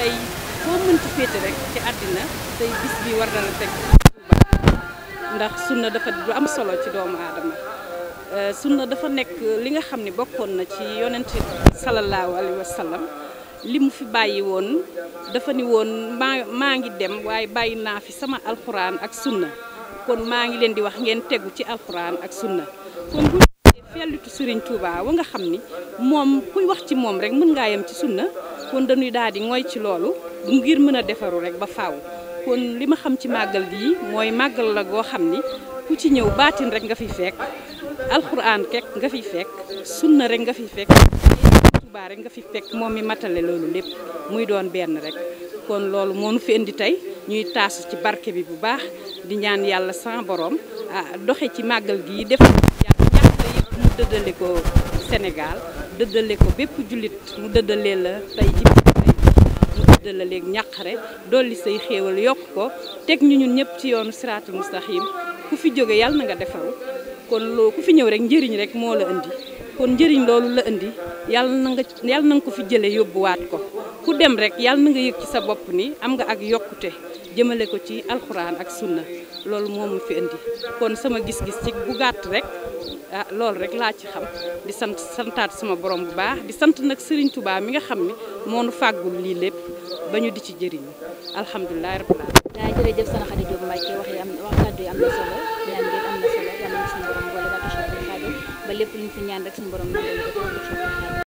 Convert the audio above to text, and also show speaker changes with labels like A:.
A: tey foo mënti féete rek ci àddina tey bis bi war na la teg ndax sunna dafa lu am solo ci doomu aadama euh, sunna dafa nekk li nga xam ne bokkoon na ci yonent salallaahu alayhi wa li mu fi bàyyi woon dafa ne woon maa ngi dem waaye bàyyi naa fi sama alxuraan ak sunna kon maa ngi leen di wax ngeen tegu ci alxuraan ak sunna kon bu fellitu Serigne Touba wa nga xam ni moom kuy wax ci moom rek mën ngaa yem ci sunna kon dañuy daal di ngoy ci loolu ngir mën a defaru rek ba faw kon li ma xam ci màggal gii mooy màggal la goo xam ni ku ci ñëw baatin rek nga fi fekk alxuraan kek nga fi fekk sunna nga fi fekk Tuubaa nga fi fekk moom mi matale loolu lépp muy doon benn rek kon loolu moo nu fi indi tey ñuy taasu ci barke bi bu baax di ñaan yàlla sans borom ah, doxe ci màggal gii def Sénégal dëddale ko bépp jullit mu dëddalee la tey ci mu dëddale léeg ñàqare dolli say xéewal yokk ko teg ñu ñun ñëpp ci yoonu siraatul mustaxim ku fi jóge yàlla na nga defaru kon loo ku fi ñëw rek njëriñ rek moo la indi kon njëriñ loolu la indi yàlla na nga yàlla na ko fi jële yóbbuwaat ko ku dem rek yal na nga yëg ci sa bopp ni am nga ak yokkute jëmale ko ci alxuraan ak sunna loolu moo fi indi kon sama gis-gis ci bu gàtt rek ah loolu rek laa ci xam di sant santaat sama borom bu baax di sant nag Serigne tubaab mi nga xam ni moo nu fàggul lii lépp ba ñu di ci jëriñu alhamdulilah rabbil alamin. daa jërëjëf sana Xadi Jóob Mbàkke wax yi am wax kàddu yi am na solo ñaan ngeen am na solo yàlla na suñu borom boole ba lépp luñ fi ñaan rek suñu borom